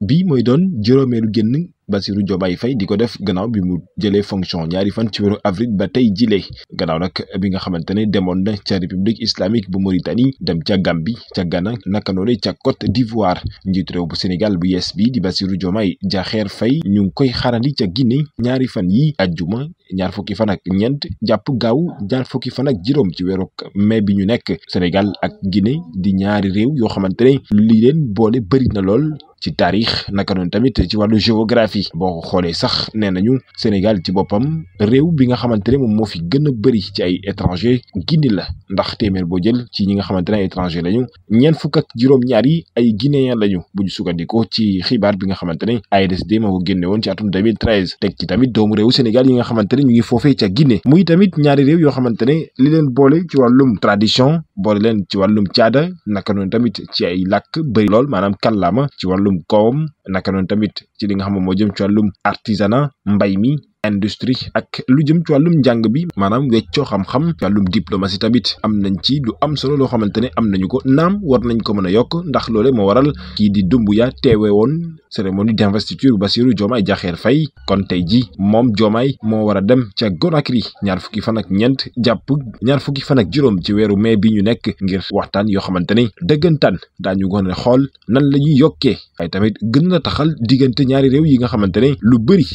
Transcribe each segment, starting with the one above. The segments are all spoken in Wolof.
bi mooy doon juróomeelu génn Bassirou Diomaye Faye di ko def gannaaw bi mu jëlee fonction ñaari fan ci weeru avril ba tey jilee gannaaw nag bi nga xamante ne demoon na ca république islamique bu Mauritanie dem ca Gambie ca Ghana naka noonu ca Côte d'Ivoire njiitu réew bu Sénégal bu yees bi di Bassirou Diomaye xeer Faye ñu ngi koy xarandi ca Guinée ñaari fan yi ajjuma ñaar fukki fan ak ñeent jàpp gaaw ñaar fukki fan ak juróom ci weeru mai bi ñu nekk Sénégal ak Guinée di ñaari réew yoo xamante ne boole bëri na lool ci taarix naka noonu tamit ci wàllu géographie boo ko xoolee sax nee nañu Sénégal ci boppam réew bi nga xamante ne moom moo fi gën a bëri ci ay étranger Guinée la ndax téeméer boo jël ci ñi nga xamante ne ay étranger lañu ñeent fukk ak juróom-ñaar yi ay guinéen lañu bu ñu sukkandikoo ci xibaar bi nga xamante ne ARSD moo génne woon ci atum 2013 teg ci tamit doomu réew Sénégal yi nga xamante ne ñu ngi foofee ca Guinée muy tamit ñaari réew yoo xamante ne li leen boole ci wàllum tradition boole leen ci wàllum caada naka noonu tamit ci ay làkk bëri lool maanaam kàllaama ci wàllu wàllum koom naka noonu tamit ci li nga xam ne moo jëm ci wàllum artisanat mbay mi industrie ak lu jëm ci wàllum njàng bi maanaam weccoo xam-xam ci wàllum diplomatie tamit am nañ ci lu am solo loo xamante ne am nañu ko naam war nañ ko mën a yokk ndax loole moo waral kii di dumb Doumbouya teewe woon cérémonie d'investiture Bassirou Diomaye Diakhar fay kon tey ji moom Diomaye moo war a dem ca Conakry ñaar fukki fan ak ñeent jàpp ñaar fukki fan ak juróom ci weeru mai bi ñu nekk ngir waxtaan yoo xamante ne daa daañu gën a xool nan la ñuy yokkee waaye tamit gën a taxal diggante ñaari réew yi nga xamante ne lu bëri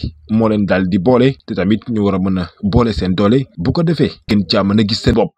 doole te tamit ñu war a mën a boole seen doole bu ko defee gën caa mën a gis seen bopp.